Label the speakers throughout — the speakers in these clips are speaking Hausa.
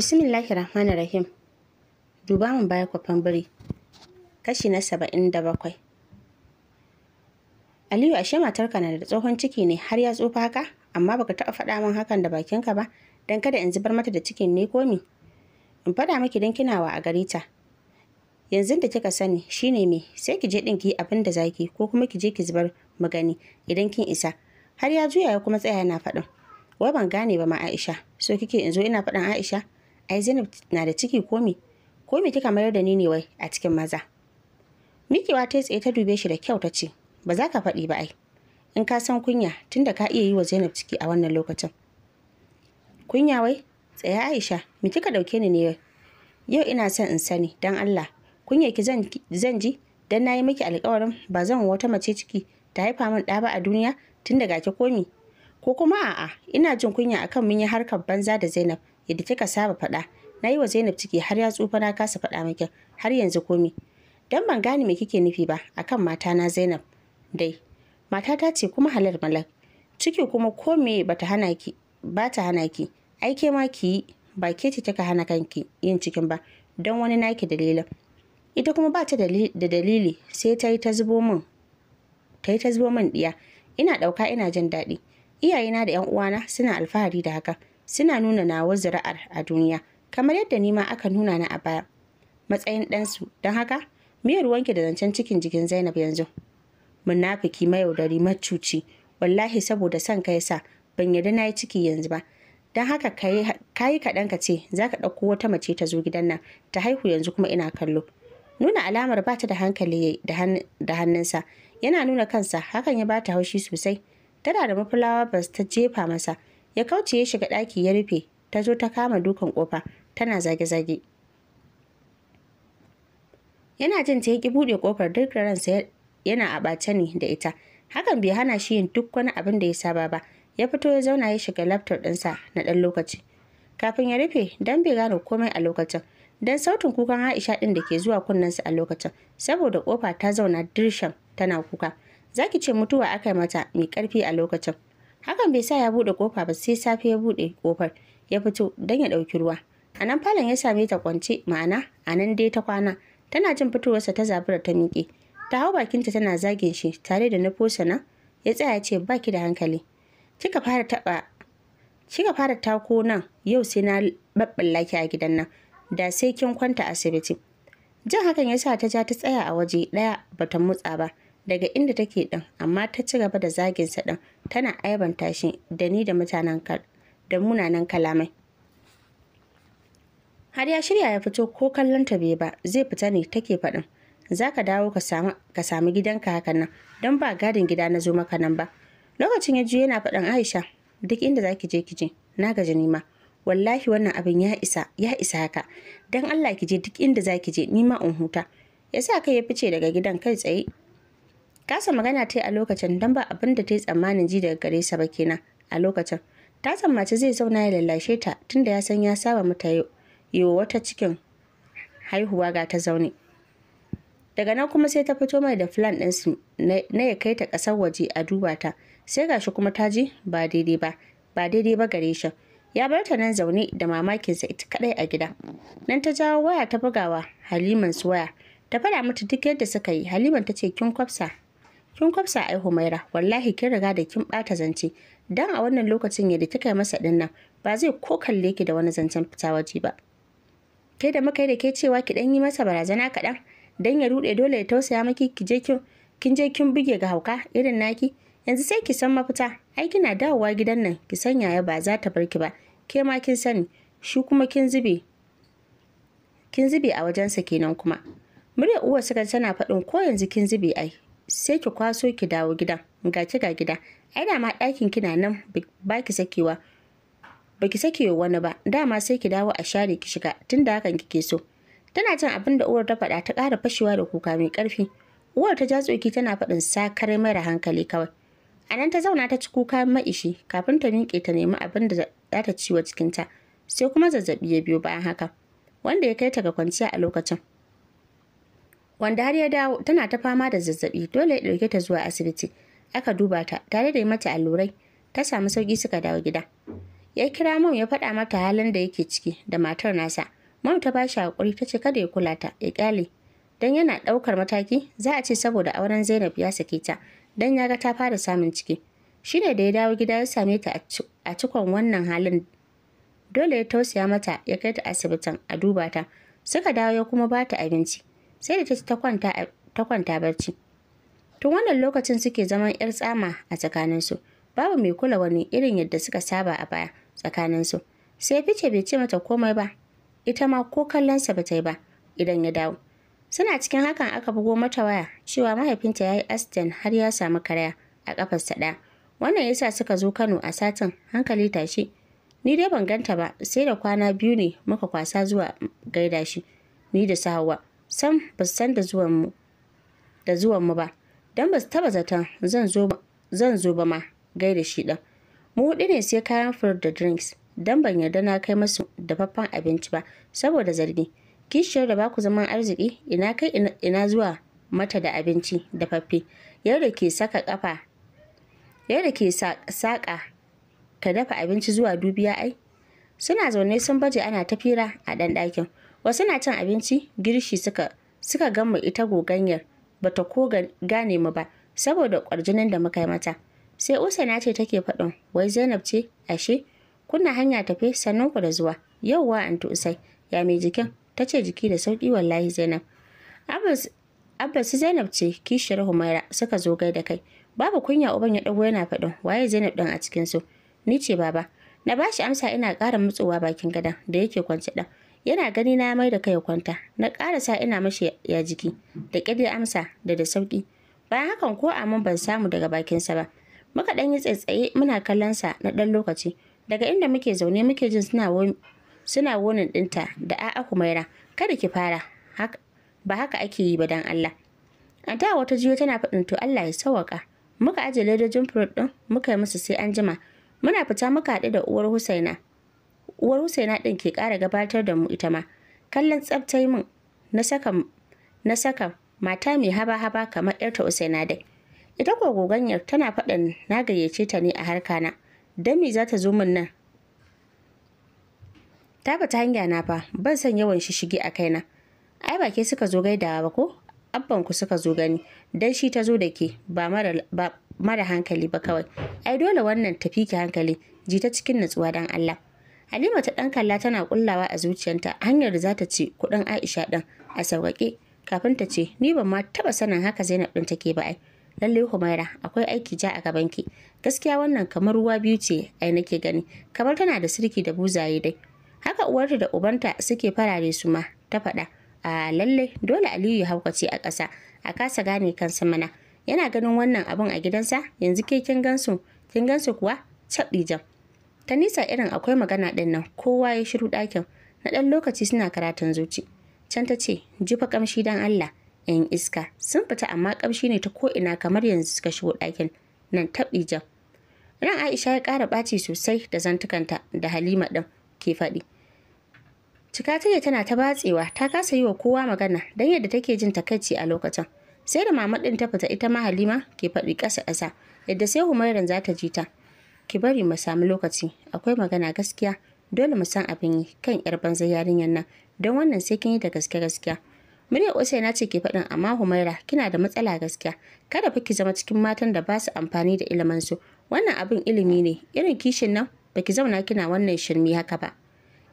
Speaker 1: Bismillahir Rahmanir Rahim. Duba mun baya kwafan biri. Kashi na saba'in da bakwai. Aliyu ashe matarka na da tsohon ciki ne har ya tsufa haka amma baka taɓa faɗa min hakan da bakinka ba dan kada in zubar mata da cikin ne komi. In faɗa miki dan wa a gari ta. Yanzu da kika sani shine me sai ki je din ki abin da zaki ko kuma ki je ki zubar mu gani idan kin isa. Har ya juya ya kuma tsaya yana faɗin. Wai ban gane ba ma Aisha. So kike in zo ina faɗin Aisha? ai Zainab na da ciki ko me ko me kika mayar da ni ne wai a cikin maza Mikewa ta tsaye ta dube shi da kyau ta ce ba za ka faɗi ba ai in ka san kunya tunda ka iya yi wa Zainab ciki a wannan lokacin kunya wai tsaya Aisha me kika ɗauke ni ne yau ina son in sani dan Allah kunya ki zan zan ji dan nayi miki alƙawarin ba zan wata mace ciki ta haifa min ɗa ba a duniya tun daga ki komi ko kuma a'a ina jin kunya akan mun yi harkar banza da Zainab yadda kika saba faɗa na yi wa zainab ciki har ya tsufa na kasa faɗa miki har yanzu komi dan ban gane me kike nufi ba akan mata na zainab dai matata ce kuma halar malak ciki kuma ko me bata hana ki bata hana ki ai ke ma ki yi ba ke ce kika hana kanki yin cikin ba don wani naki dalilin ita kuma ba ta da dalili sai ta yi ta zubo min ta yi ta zubo min diya ina ɗauka ina jin daɗi iyayena da 'yan uwana suna alfahari da haka suna nuna nawa zuri'ar a duniya kamar yadda nima aka nuna ni a baya matsayin ɗansu don haka Miyar wanke da zancen cikin jikin Zainab yanzu munafiki mayaudari macuci wallahi saboda son ka yasa ban yarda na yi ciki yanzu ba don haka ka yi kaɗan ka ce za ka ɗauko wata mace ta zo gidan nan ta haihu yanzu kuma ina kallo nuna alamar ba ta da hankali da hannunsa yana nuna kansa hakan ya ba ta haushi sosai tana da mafulawa ba ta jefa masa ya kauce ya shiga ɗaki ya rufe ta zo ta kama dukan ƙofa tana zage-zage yana jin ta yaki buɗe ƙofar duk da ransa yana a ɓace ne da ita hakan bai hana shi yin duk wani abin da ya saba ba ya fito ya zauna ya shiga laptop ɗinsa na ɗan lokaci kafin ya rufe dan bai gane komai a lokacin dan sautin kukan Aisha ɗin da ke zuwa kunnensa a lokacin saboda ƙofa ta zauna dirshan tana kuka zaki ce mutuwa aka mata mai karfi a lokacin hakan bai sa ya buɗe kofa ba sai safe ya buɗe kofar ya fito don ya ɗauki ruwa a nan falon ya same ta kwance ma'ana a nan dai ta kwana tana jin fitowarsa ta zabura ta miƙe ta hau bakinta tana zagin shi tare da na fosana ya tsaya ce baki da hankali kika fara tako nan yau sai na babban ki a gidan nan da sai kin kwanta asibiti jan hakan ya sa ta ja ta tsaya a waje ɗaya bata motsa ba daga inda take ɗin amma ta ci gaba da zaginsa ɗin tana aibanta shi da ni da mutanen da munanan kalamai har ya shirya ya fito ko kallon ta bai ba zai fita ne take faɗin za ka dawo ka sami gidanka hakan nan don ba gadin gida na zo maka nan ba lokacin ya juyo yana faɗin aisha duk inda za ki je ki je na gaji nima wallahi wannan abin ya isa ya isa haka don allah ki je duk inda za ki je nima in huta ya sa kai ya fice daga gidan kai tsaye Kasa magana ta yi a lokacin don ba abin da ta yi tsammanin ji daga gare sa ba kenan a lokacin. Ta tsammaci zai zauna ya lallashe ta tunda ya san ya saba mata yi wa wata cikin haihuwa ga ta zaune. Daga nan kuma sai ta fito mai da filan ɗinsu na ya kai ta ƙasar waje a duba ta. Sai gashi kuma ta ji ba daidai ba, ba daidai ba gare shi. ya bar ta nan zaune da mamakinsa ita kadai a gida nan ta jawo waya ta bugawa haliman su waya ta faɗa mata duk yadda suka yi haliman ta ce kin kwafsa kin kwafsa ai Humaira wallahi kin riga da kin bata zance dan a wannan lokacin yadda kika yi masa nan ba zai ko kalle ki da wani zancen fita waje ba kai da muka yi da ke cewa ki dan yi masa barazana kaɗan dan ya rude dole ya tausaya maki ki je kin kin je kin buge ga hauka irin naki yanzu sai ki san mafita ai kina dawowa gidan nan ki san yaya ba za ta bar ki ba ke ma kin sani shi kuma kin zube kin zube a wajensa kenan kuma murya uwar suka tana faɗin ko yanzu kin zube ai sai ki kwaso ki dawo gida ga ki ga gida ai dama ɗakin kina nan ba ki sakewa ba ki sakewa wani ba dama sai ki dawo a share ki shiga tunda hakan kike so tana jin abin da uwar ta faɗa ta ƙara fashewa da kuka mai ƙarfi uwar ta jatsoki tana faɗin sakar mara hankali kawai a nan ta zauna ta ci kuka maishi kafin ta miƙe ta nemi abin da za ta wa cikinta sai kuma zazzaɓi ya biyo bayan haka wanda ya kai ta ga kwanciya a lokacin wanda har ya dawo tana ta fama da zazzabi dole ya ɗauke ta zuwa asibiti aka duba ta tare da mata allurai ta samu sauki suka dawo gida ya kira mam ya faɗa mata halin da yake ciki da matar nasa mam ta ba shi hakuri ta ce kada ya kula ta ya kyale dan yana ɗaukar mataki za a ce saboda auren Zainab ya sake ta dan ya ga ta fara samun ciki shine da ya dawo gida ya same ta a cikon wannan halin dole ya tausaya mata ya kai ta asibitin a duba ta suka dawo ya kuma bata abinci sai da ta ci ta kwanta barci tun wannan lokacin suke zaman yar tsama a tsakaninsu babu mai kula wani irin yadda suka saba a baya tsakaninsu sai fice bai ce mata komai ba ita ma ko kallonsa ba ta yi ba idan ya dawo suna cikin hakan aka bugo mata waya cewa mahaifinta ya yi aston har ya samu karaya a kafarsa ɗaya wannan yasa suka zo kano a satin hankali tashi ni dai ban ganta ba sai da kwana biyu ne muka kwasa zuwa gaida shi ni da sahawa sam ba su san da zuwan mu ba don ba su taba zaton zan zo ba ma gai da shi ɗan. mu hudu ne sai kayan fur da drinks don ban yarda na kai masu dafaffen abinci ba saboda zargi kishiyar da baku zaman arziki ina kai ina zuwa mata da abinci dafaffe yadda ke saka kafa yadda ke saka ka dafa abinci zuwa dubiya ai suna zaune sun baje ana tafira a ɗan ɗakin wasu na cin abinci girshi suka suka gama ita goganyar ba ta ko gane mu ba saboda kwarjinin da muka yi mata sai usaina ce take faɗin wai zainab ce ashe kuna hanya tafe sannan ku da zuwa yauwa anti usai ya mai jikin ta ce jiki da sauki wallahi zainab abbas abbas zainab ce kishiyar humaira suka zo gai da kai babu kunya uban ya dago yana faɗin waye zainab ɗin a cikin su ni ce baba na bashi amsa ina ƙara mutsuwa bakin gadan da yake kwance ɗan yana gani na mai da kai kwanta na karasa ina mashi ya jiki da ƙyar amsa da da sauƙi bayan hakan ko amin ban samu daga bakinsa ba muka ɗan yi tsaitsaye muna kallon sa na ɗan lokaci daga inda muke zaune muke jin suna suna wonin ɗinta da a'a kumaira kada ki fara ba haka ake yi ba dan Allah an ta wata jiyo tana faɗin to Allah ya sawaka muka aje ledojin furut ɗin muka yi musu sai an jima muna fita muka haɗu da uwar Husaina uwar husaina ɗin ke ƙara gabatar da mu ita ma kallon tsabtai min na saka na saka mata mai haba-haba kamar yarta usaina dai ita ko goganyar tana faɗin na gayyace ta ne a harka na don me za ta zo min nan ta bata hanya na fa ban san yawan shige a kaina ai ba ke suka zo gaidawa ba ko abban ku suka zo gani dan shi ta zo da ke ba mara hankali ba kawai ai dole wannan tafi ki hankali ji ta cikin natsuwa dan Allah Halima ta ɗan kalla tana kullawa a zuciyarta hanyar da za ta ci kuɗin Aisha ɗin a sauƙaƙe kafin ta ce ni ban ma taɓa sanin haka Zainab ɗin take ba ai. Lallai Humaira akwai aiki ja a gabanki. Gaskiya wannan kamar ruwa biyu ce ai nake gani kamar tana da sirki da buzaye dai. Haka uwarta da ubanta suke farare su ma ta faɗa. A lallai dole Aliyu ya haukace a ƙasa a kasa gane kansa mana. Yana ganin wannan abun a gidansa yanzu ke kin gansu kin gansu kuwa caɗi jam. ta nisa irin akwai magana ɗin kowa ya shiru ɗakin na ɗan lokaci suna karatun zuci can ta ce jifa ƙamshi don allah yan iska sun fita amma ƙamshi ne ta ko'ina kamar yanzu suka shigo ɗakin nan taɓi jam ran aisha ya ƙara ɓaci sosai da zantukanta da halima ɗin ke faɗi cika ta tana ta batsewa ta kasa yi wa kowa magana don yadda take jin takaici a lokacin sai da mama ɗin ta fita ita ma halima ke faɗi ƙasa ƙasa yadda sai humairan za ta ji ta ki bari mu samu lokaci akwai magana gaskiya dole mu san abin yi kan yar banza yarinyar nan don wannan sai kin yi da gaske gaskiya Murya na ce ke faɗin amma Humaira kina da matsala gaskiya kada fa ki zama cikin matan da ba su amfani da ilimin su wannan abin ilimi ne irin kishin nan Ba ki zauna kina wannan shirmi haka ba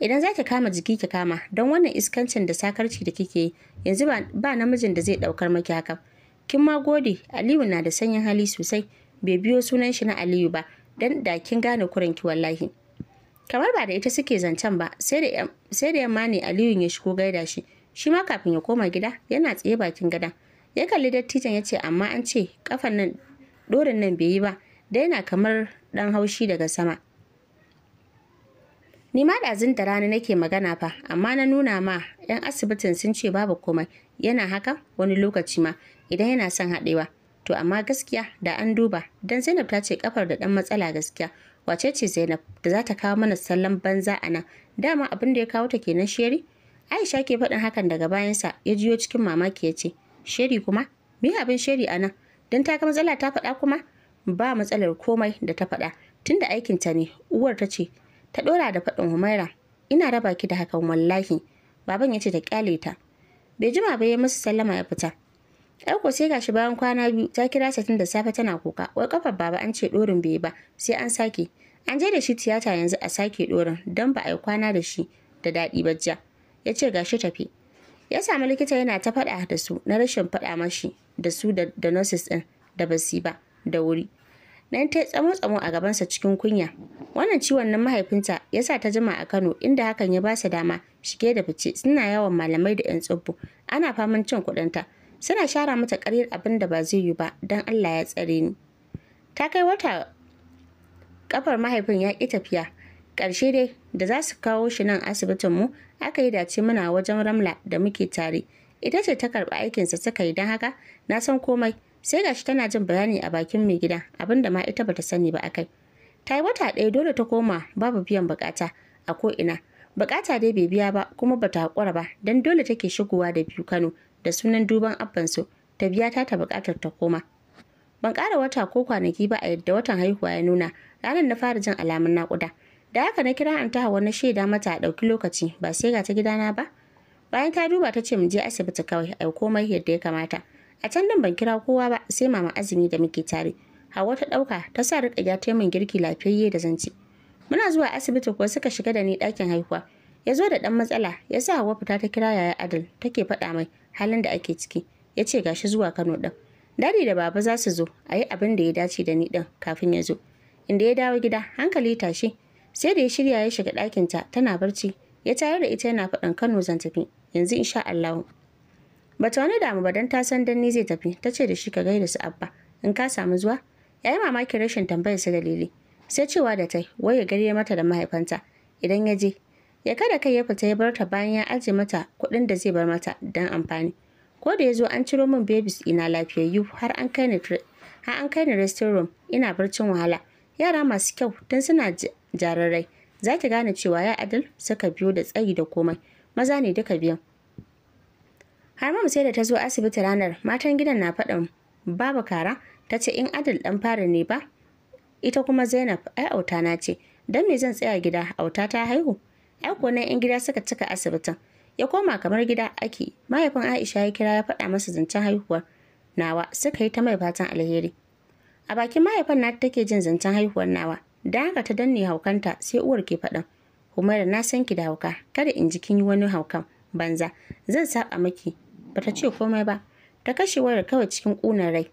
Speaker 1: idan za ki kama jiki ki kama don wannan iskancin da sakarci da kike yi yanzu ba namijin da zai ɗaukar maki haka kin ma gode aliyu na da sanyin hali sosai bai biyo sunan shi na aliyu ba dan da kin gane kurin ki wallahi kamar ba da ita suke zancen ba sai da yamma ne aliyun ya shigo gaida shi shi ma kafin ya koma gida yana tsaye bakin gada ya kalli dattijan ya ce amma an ce kafan nan dorin nan bai yi ba da yana kamar dan haushi daga sama ni ma ɗazun da rana nake magana fa amma na nuna ma yan asibitin sun ce babu komai yana haka wani lokaci ma idan yana son haɗewa to amma gaskiya da an duba Don Zainab ta ce kafar da dan matsala gaskiya wace ce Zainab da za ta kawo mana sallan banza a nan dama abin da ya kawo ta kenan sheri Aisha ke faɗin hakan daga bayansa ya jiyo cikin mamaki ya ce sheri kuma me abin sheri a nan dan ta ga matsala ta faɗa kuma ba matsalar komai da ta faɗa tunda aikin ta ne uwar ta ce ta ɗora da faɗin Humaira ina raba ki da hakan wallahi baban ya ce ta kyale ta bai jima ba ya masa sallama ya fita Yar ko sai gashi bayan kwana biyu ta kira sa tun da safe tana kuka. Wai kafar baba an ce dorin bai ba, sai an sake. An je da shi tiyata yanzu a sake dorin don ba a yi kwana da shi da daɗi ba ja. Ya ce gashi tafi. Ya samu likita yana ta faɗa da su na rashin faɗa mashi da su da nurses ɗin da basi ba da wuri. nan ta tsamo tsamo a gabansa cikin kunya wannan ciwon nan mahaifinta ya sa ta jima a Kano inda hakan ya ba su dama shige da fice suna yawan malamai da yan tsubbu ana faman cin kuɗinta suna shara mata karyar abin da ba zai yi ba don Allah ya tsare ni ta kai wata kafar mahaifin ya ƙi tafiya ƙarshe dai da za su kawo shi nan asibitin mu aka yi dace muna wajen ramla da muke tare ita ce ta karɓi aikinsa suka yi don haka na san komai sai gashi tana jin bayani a bakin mai gida abinda ma ita bata sani ba akai ta yi wata ɗaya dole ta koma babu biyan bukata a ko ina bukata dai bai biya ba kuma bata haƙura ba don dole take shigowa da biyu kano da sunan duban abbansu ta biya ta ta buƙatar ta koma ban ƙara wata ko kwanaki ba a yadda watan haihuwa ya nuna ranar na fara jin alamun naƙuda da haka na kira an taha na shaida mata a ɗauki lokaci ba sai ga ta gidana ba bayan ta duba ta ce mu je asibiti kawai a komai yadda ya kamata a can din ban kira kowa ba sai mama azumi da muke tare hawa ta ɗauka ta sa riƙa ya ta girki lafiyayye da zance muna zuwa asibiti kuwa suka shiga da ni ɗakin haihuwa ya zo da ɗan matsala ya sa hawa fita ta kira yaya adal take faɗa mai halin da ake ciki ya ce gashi zuwa kano ɗin dadi da baba za su zo a yi abin da ya dace da ni ɗin kafin ya zo inda ya dawo gida hankali tashi sai da ya shirya ya shiga ɗakinta tana barci ya tayar da ita yana faɗin kano zan tafi yanzu insha allahu bata wani damu ba don ta san danni zai tafi ta ce da shi ka gaida su abba in ka samu zuwa ya yi mamakin rashin tambayar su dalili sai cewa da ta wai ya gare mata da mahaifanta idan ya je ya kada kai ya fita ya bar ta bayan ya aje mata kuɗin da zai bar mata don amfani ko da ya zo an ciro min babies ina lafiyayyu har an kai ni har an kai ni resting ina barcin wahala yara masu kyau tun suna jarirai za ki gane cewa ya adal suka biyo da tsayi da komai maza ne duka biyan har mamu sai da ta zo asibiti ranar matan gidan na faɗin babu kara ta ce in adal ɗan fara ne ba ita kuma zainab ai auta na ce don me zan tsaya gida auta ta haihu 'yan na 'yan gida suka cika asibitin ya koma kamar gida ake mahaifin aisha ya kira ya faɗa masa zancen haihuwar nawa suka yi ta mai fatan alheri a bakin mahaifin nata take jin zancen haihuwar nawa da haka ta danne haukanta sai uwar ke faɗin humaira na san ki da hauka kada in ji kin yi wani haukan banza zan saba miki ta ce komai ba ta kashe wayar kawai cikin ƙunar rai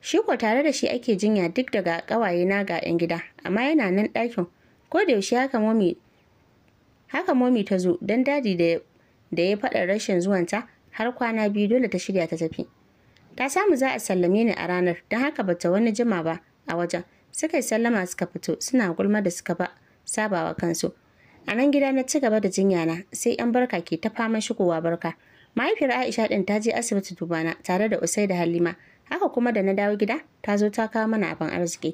Speaker 1: shi ko tare da shi ake jinya duk daga ƙawaye na ga 'yan gida amma yana nan ɗakin ko da yaushe haka momi haka momi ta zo dan dadi da da ya fada rashin zuwanta har kwana biyu dole ta shirya ta tafi ta samu za a sallame ni a ranar don haka bata wani jima ba a wajen suka yi sallama suka fito suna gulma da suka ba sabawa kansu a nan gida na ci gaba da jinya na sai yan barka ke ta faman shigowa barka mahaifiyar aisha din ta je asibiti dubana tare da usai da halima haka kuma da na dawo gida ta zo ta kawo mana abin arziki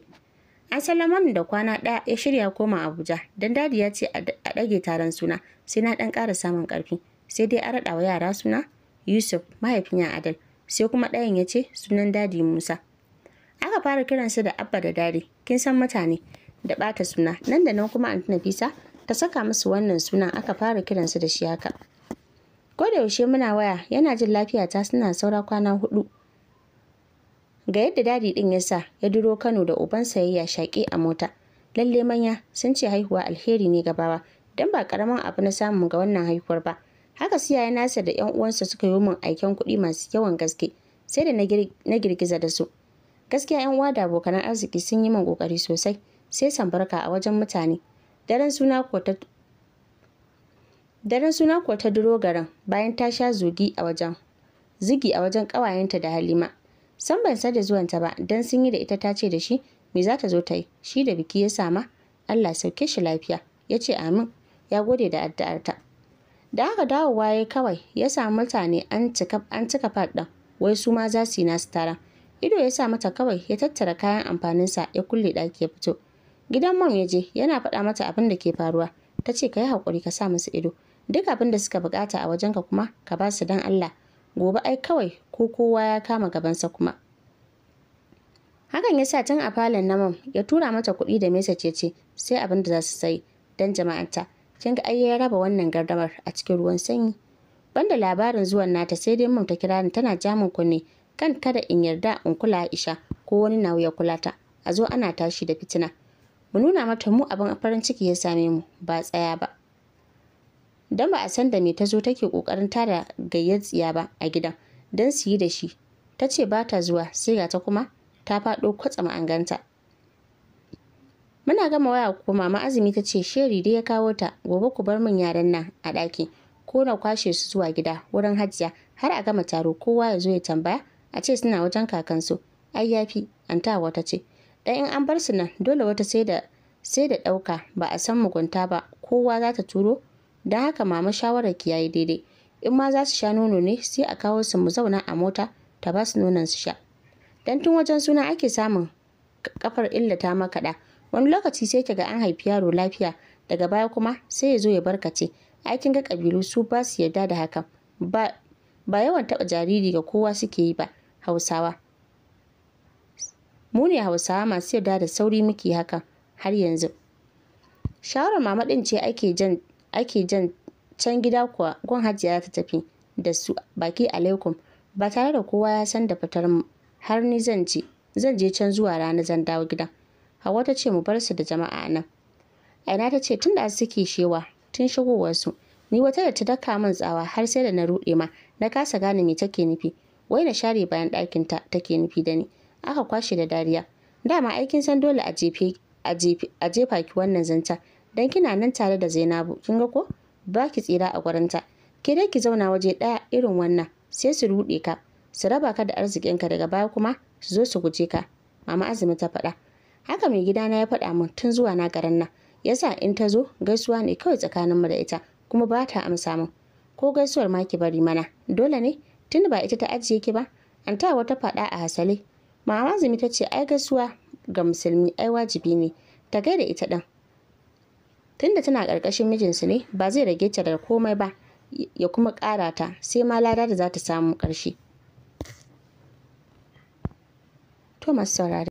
Speaker 1: an sallama da kwana ɗaya ya shirya koma abuja don dadi ya ce a ɗage taron suna sai na ɗan ƙara samun ƙarfi sai dai a raɗa wa yara suna yusuf mahaifin ya adal sai kuma ɗayan ya ce sunan dadi musa aka fara kiransu da abba da dadi kin san mutane da ɓata suna nan da nan kuma antina Nafisa ta saka musu wannan sunan aka fara kiransu da shi haka ko da yaushe muna waya yana jin lafiyata suna saura kwana hudu ga yadda dadi din ya sa ya duro Kano da uban sayayya shaƙe a mota lalle manya sun ce haihuwa alheri ne gabawa dan ba karaman abu na samu ga wannan haihuwar ba haka siya yaya nasa da yan uwansa suka yi min aikin kuɗi masu yawan gaske sai da na girgiza da su gaskiya yan uwa da abokan arziki sun yi min kokari sosai sai sambarka a wajen mutane daren suna ko ta daren suna ko duro garin bayan ta sha zugi a wajen zugi a wajen ƙawayenta da Halima san ban sa da zuwanta ba dan sun yi da ita ta ce da shi me za ta zo ta yi shi da biki ya sama Allah sauke shi lafiya ya ce amin ya gode da addu'arta da aka dawowa ya kawai ya samu mutane an cika faɗin wai su ma za su yi nasu taron ido ya sa mata kawai ya tattara kayan amfanin sa ya kulle ɗaki ya fito gidan mam ya je yana faɗa mata abin da ke faruwa ta ce ka yi haƙuri ka sa musu ido duk abin da suka bukata a wajenka kuma ka ba su don Allah gobe ai kawai ko kowa ya kama gabansa kuma hakan ya sa tun a falon naman ya tura mata kuɗi da mesa ce ce sai abin da za su sayi don jama'anta kin ga ai ya raba wannan gardamar a cikin ruwan sanyi banda labarin zuwan nata sai dai mun ta kira ni tana jamin kunne kan kada in yarda in kula Aisha ko wani nawo ya kula ta a zo ana tashi da fitina mu nuna mata mu abin farin ciki ya same mu ba tsaya ba dan ba a san da me ta zo take kokarin tada gayyatsiya ba a gidan don su yi da shi ta ce ba ta zuwa sai ga ta kuma ta faɗo kwatsama ma'anganta muna gama waya ko mama azumi ta ce sheri da ya kawo ta gobe ku bar min yaran nan a ɗaki ko na kwashe su zuwa gida wurin hajiya har a gama taro kowa ya zo ya tambaya a ce suna wajen kakansu ai yafi ta wata ce dan in an bar su nan dole wata sai da sai da ɗauka ba a san mugunta ba kowa za ta turo don haka mama shawarar ki yayi daidai in ma za su sha nono ne sai a kawo su mu zauna a mota ta ba su nonon su sha dan tun wajen suna ake samun kafar illata makaɗa wani lokaci sai kaga an haifi yaro lafiya daga baya kuma sai ya zo ya barkace ai kin ga kabilu su ba su yarda da hakan ba ba yawan taɓa jariri ga kowa suke yi ba hausawa mu ne hausawa masu yarda da sauri muke hakan har yanzu shawarar mama din ce ake jan ake jan can gida kuwa gwan hajiya ta tafi da su baki alaikum ba tare da kowa ya san da fitar mu har ni zan je zan je can zuwa rana zan dawo gida hawa ta ce mu bar su da jama'a nan aina ta ce tunda suke shewa tun shigowar su ni wata da ta daka min tsawa har sai da na rude ma na kasa gane me take nufi wai na share bayan ɗakin ta take nufi da ni aka kwashe da dariya dama aikin san dole a a jefa ki wannan zanta dan kina nan tare da Zainabu kin ga ko ba ki tsira a gurinta ke dai ki zauna waje ɗaya irin wannan sai su ruɗe ka su raba ka da arzikinka daga baya kuma su zo su guje ka mama azumi ta faɗa haka mai gidana ya faɗa min tun zuwa na garin nan yasa in ta zo gaisuwa ne kawai mu da ita kuma ba ta amsa min ko gaisuwar ma ki bari mana dole ne tun ba ita ta ajiye ki ba an ta wata faɗa a hasale mama azumi ta ce ai gaisuwa ga musulmi ai wajibi ne ta gaida ita ɗin. tunda tana ƙarƙashin mijinsu ne ba zai rage ta da komai ba ya kuma ƙara ta sai ma lada da za ta samu ƙarshe to saurari.